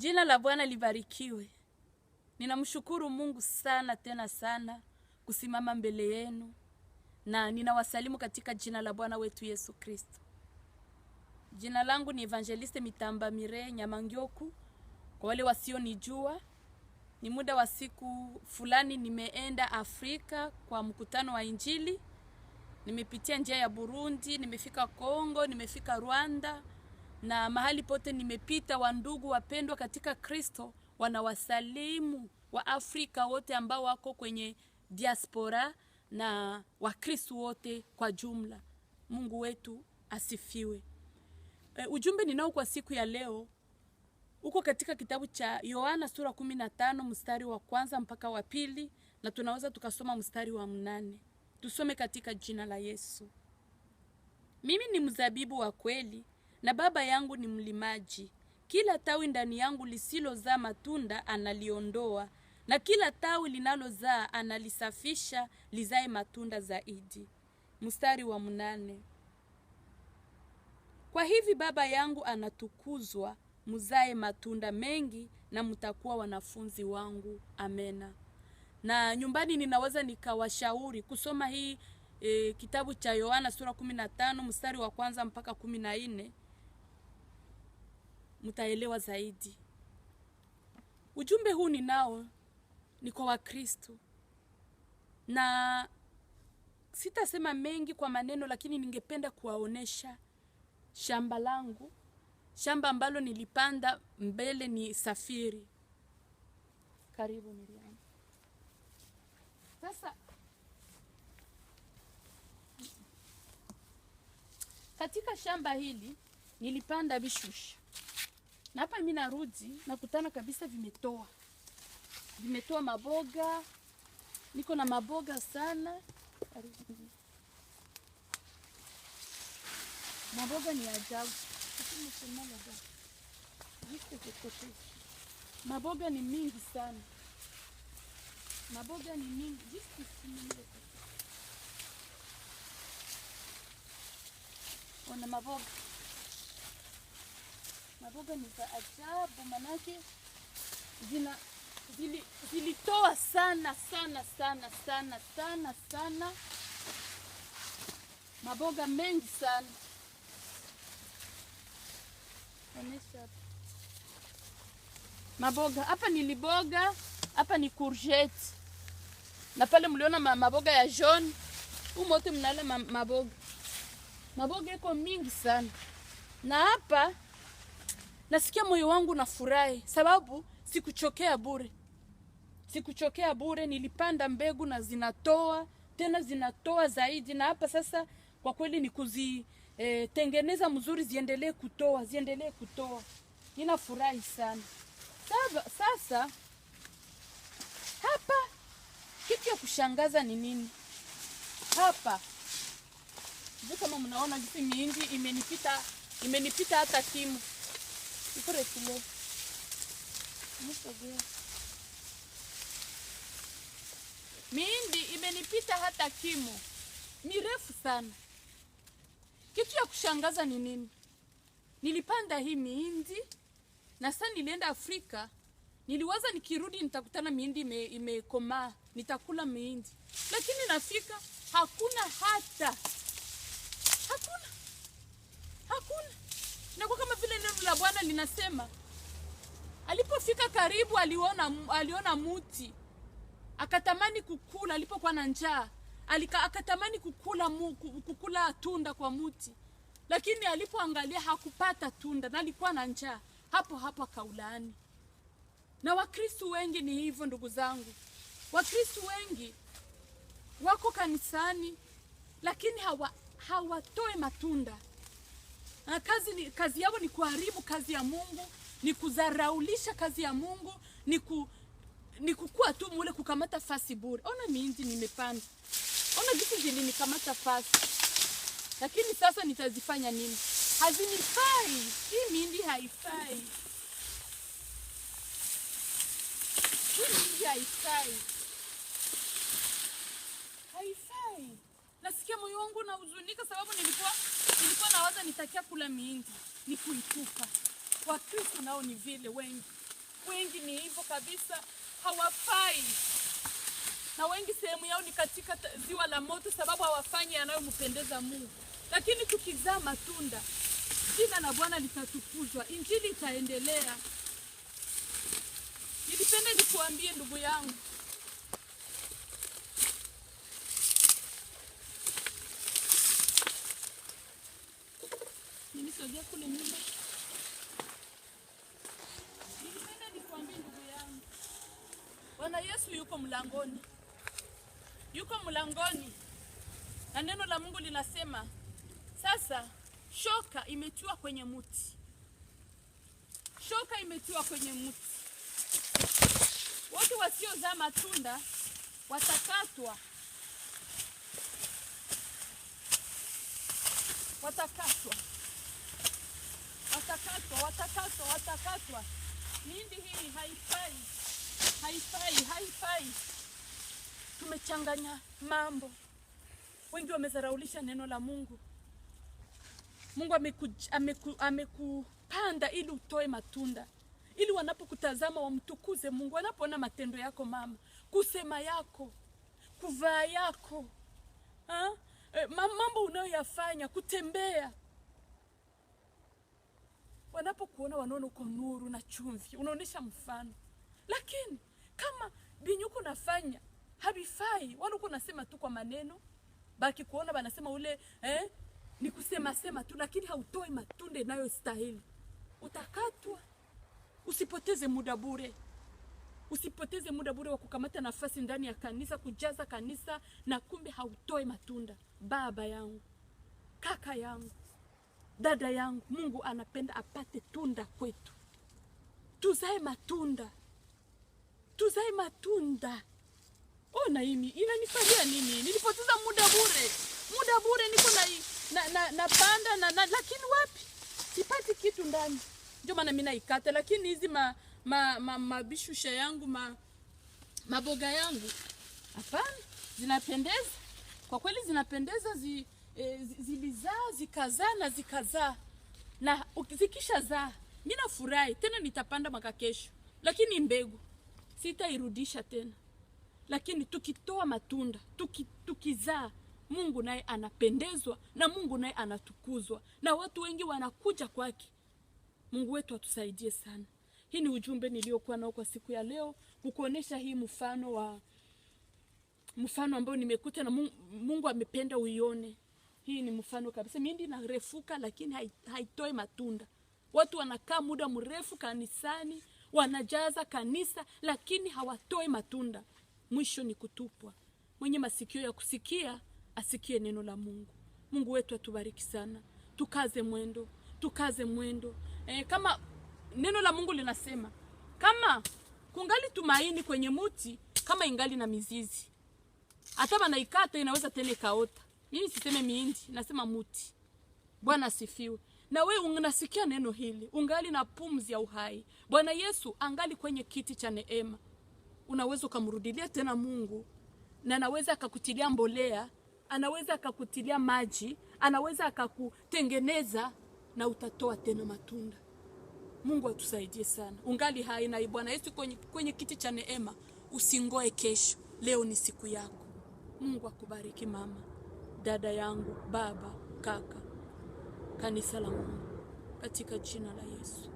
Jina la Bwana libarikiwe. Ninamshukuru Mungu sana tena sana kusimama mbele yenu, na ninawasalimu katika jina la Bwana wetu Yesu Kristo. Jina langu ni Evangeliste Mitamba Mire Nyamangyoku. Kwa wale wasionijua, ni muda wa siku fulani nimeenda Afrika kwa mkutano wa Injili. Nimepitia njia ya Burundi, nimefika Kongo, nimefika Rwanda na mahali pote nimepita, wandugu wapendwa katika Kristo, wanawasalimu wa Afrika wote ambao wako kwenye diaspora na Wakristo wote kwa jumla. Mungu wetu asifiwe. E, ujumbe ninao kwa siku ya leo uko katika kitabu cha Yohana sura 15 mstari wa kwanza mpaka wa pili na tunaweza tukasoma mstari wa mnane. Tusome katika jina la Yesu. Mimi ni mzabibu wa kweli na baba yangu ni mlimaji. Kila tawi ndani yangu lisilozaa matunda analiondoa, na kila tawi linalozaa analisafisha lizae matunda zaidi. Mstari wa mnane. Kwa hivi Baba yangu anatukuzwa, muzae matunda mengi na mtakuwa wanafunzi wangu. Amena. Na nyumbani ninaweza nikawashauri kusoma hii e, kitabu cha Yohana sura 15 mstari wa kwanza mpaka kumi mtaelewa zaidi. Ujumbe huu ninao ni kwa Wakristo na sitasema mengi kwa maneno, lakini ningependa kuwaonesha shamba langu, shamba ambalo nilipanda mbele ni Safiri. Karibu Miriam. Sasa katika shamba hili nilipanda vishusha na hapa mimi narudi nakutana kabisa, vimetoa vimetoa maboga, niko na maboga sana. Maboga ni ajabu, maboga ni mingi sana, maboga ni mingi wana maboga maboga ni za ajabu, manake zina zilitoa sana sana sana sana sana sana maboga mengi sana. Onesha maboga hapa, ni liboga hapa, ni courgette na pale mliona maboga ya jaune umote, mnala maboga maboga iko mingi sana na hapa nasikia moyo wangu nafurahi, sababu sikuchokea bure, sikuchokea bure. Nilipanda mbegu na zinatoa tena, zinatoa zaidi, na hapa sasa kwa kweli ni kuzitengeneza e, mzuri, ziendelee kutoa, ziendelee kutoa. Ninafurahi sana Saba. Sasa hapa kitu ya kushangaza ni nini hapa? Kama mnaona jinsi mihindi imenipita, imenipita hata timu উপরে তুলে Mindi, imenipita hata kimo, mirefu sana. Kitu ya kushangaza ni nini? Nilipanda hii mihindi na sasa nilienda Afrika, niliwaza nikirudi nitakutana mihindi imekomaa, ime nitakula mihindi, lakini nafika hakuna hata hakuna hakuna Bwana linasema alipofika karibu, aliona, aliona muti akatamani kukula. Alipokuwa na njaa akatamani kukula, mu, kukula tunda kwa muti, lakini alipoangalia hakupata tunda na alikuwa na njaa. Hapo hapo akaulani Na Wakristu wengi ni hivyo ndugu zangu, Wakristu wengi wako kanisani lakini hawa, hawatoe matunda. Ah, kazi, ni, kazi yao ni kuharibu kazi ya Mungu, ni kuzaraulisha kazi ya Mungu, ni, ku, ni kukua tu mule kukamata fasi bure. Ona mindi nimepanda, ona vitu zilinikamata fasi, lakini sasa nitazifanya nini? Hazinifai, hii mindi haifai, hii haifai. nasikia moyo wangu nahuzunika, sababu nilikuwa nilikuwa nawaza nitakia kula mihindi ni kuitupa. Wakristo nao ni vile, wengi wengi ni hivyo kabisa, hawafai na wengi sehemu yao ni katika ziwa la moto, sababu hawafanyi yanayompendeza Mungu. Lakini tukizaa matunda, jina la Bwana litatukuzwa, injili itaendelea. Nilipenda nikuambie ndugu yangu Sogea kule nyuma. Nilipenda nikuambie ndugu yangu, Bwana Yesu yuko mlangoni, yuko mlangoni, na neno la Mungu linasema sasa, shoka imetiwa kwenye mti, shoka imetiwa kwenye mti. Wote wasiozaa matunda watakatwa, watakatwa watoto watakatwa. Mindi hii haifai, haifai, haifai. Tumechanganya mambo, wengi wamezaraulisha neno la Mungu. Mungu amekupanda ameku, ili utoe matunda, ili wanapokutazama wamtukuze Mungu, wanapoona matendo yako mama, kusema yako, kuvaa yako ha? Ah, eh, mambo unayoyafanya, kutembea wanapokuona wanaona uko nuru na chumvi, unaonesha mfano. Lakini kama binyu havifai habifai, uko nasema tu kwa maneno, baki kuona wanasema ule eh, ni kusema sema tu, lakini hautoi matunda inayostahili, utakatwa. Usipoteze muda bure, usipoteze muda bure wa kukamata nafasi ndani ya kanisa, kujaza kanisa na kumbe hautoi matunda. Baba yangu, kaka yangu dada yangu, Mungu anapenda apate tunda kwetu, tuzae matunda, tuzae matunda. Ona oh, hii inanifanyia nini? Nilipoteza muda bure, muda bure, niko na na na, na, na, lakini wapi sipati kitu ndani, ndio maana mimi naikata. Lakini hizi ma, ma, ma, mabishusha yangu ma, maboga yangu hapana, zinapendeza kwa kweli, zinapendeza zi e, zilizaa zikazaa na zikazaa na zaa mimi nafurahi tena, nitapanda mwaka kesho, lakini mbegu sitairudisha tena. Lakini tukitoa matunda tuki, tukizaa Mungu naye anapendezwa na Mungu naye anatukuzwa na watu wengi wanakuja kwake. Mungu wetu atusaidie sana. Hii ni ujumbe niliyokuwa nao kwa siku ya leo, kukuonesha hii mfano wa mfano ambao nimekuta na Mungu, Mungu amependa uione. Hii ni mfano kabisa, mindi narefuka lakini haitoi matunda. Watu wanakaa muda mrefu kanisani, wanajaza kanisa lakini hawatoi matunda. Mwisho ni kutupwa. Mwenye masikio ya kusikia asikie neno la Mungu. Mungu wetu atubariki sana, tukaze mwendo, tukaze mwendo. E, kama neno la Mungu linasema kama kungali tumaini kwenye muti, kama ingali na mizizi, hata banaikata inaweza tena ikaota. Mimi siseme miindi, nasema muti. Bwana asifiwe. Na we unasikia neno hili, ungali na pumzi ya uhai. Bwana Yesu angali kwenye kiti cha neema. Unaweza ukamrudilia tena Mungu na anaweza akakutilia mbolea, anaweza akakutilia maji, anaweza akakutengeneza na utatoa tena matunda. Mungu atusaidie sana. Ungali hai na Bwana Yesu kwenye, kwenye kiti cha neema. Usingoe kesho, leo ni siku yako. Mungu akubariki mama dada yangu, baba, kaka, kanisa la Mungu katika jina la Yesu.